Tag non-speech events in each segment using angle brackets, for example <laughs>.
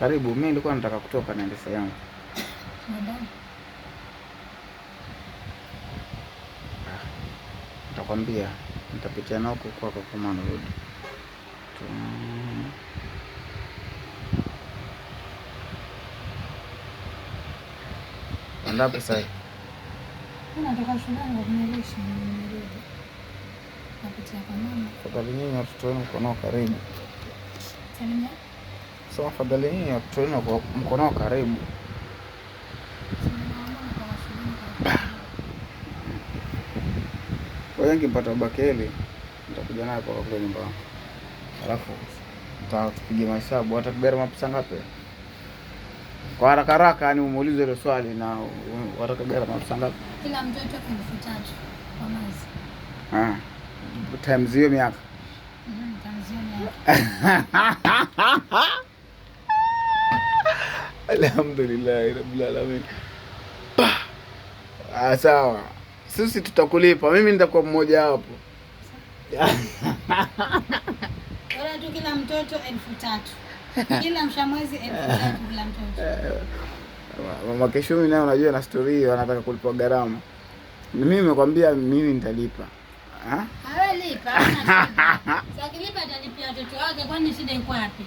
Karibu, mimi nilikuwa nataka kutoka na sehemu yangu. Ah, nitakwambia, nitapitia nao huko kwako kama narudi. Andaa pesa hii. Nyinyi watoto wenu mko nao karibu So fadhali hii ya trainer mkono karibu. Kwa hiyo nikipata bakeli nitakuja naye kwa kule nyumba, Alafu nitakupigia mahesabu hata gharama ngapi? Kwa haraka haraka yani umuulize ile swali na watakagera gharama pesa ngapi? Kila mtoto elfu tatu kwa mwezi. Ah. Times hiyo miaka. Mhm, times hiyo miaka. <laughs> Alhamdulillahi rabbil alamin. Ah, sawa, sisi tutakulipa. Mimi nitakuwa mmoja hapo. <laughs> Bora tu kila mtoto elfu tatu kila mshamwezi elfu tatu kila mtoto. <laughs> Mama Keshumi naye unajua na stori hiyo, anataka kulipa gharama. Mimi nimekwambia mimi nitalipa. Ah? Hawe lipa, <laughs> atalipa watoto wake, kwani shida iko wapi?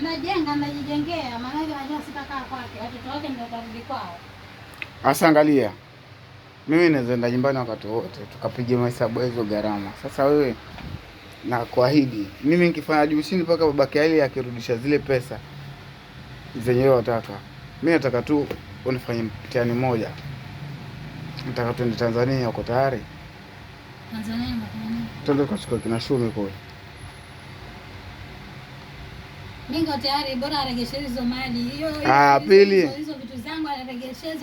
mnajenga mnajijengea, maanake anajua sitakaa kwake, watoto wake ndio watarudi kwao. Asa, angalia, mimi naweza enda nyumbani wakati wote tukapiga mahesabu hizo gharama. Sasa wewe na kuahidi mimi nikifanya juu chini mpaka babake Ali akirudisha zile pesa zenye wewe wataka, mimi nataka tu unifanye mtihani mmoja, nataka tuende Tanzania. Uko tayari? Tanzania, ni twende tukachukua kina Shumi kule Mingo tayari bora aregeshe hizo mali. Hiyo ah, hizo vitu zangu aregeshe hizo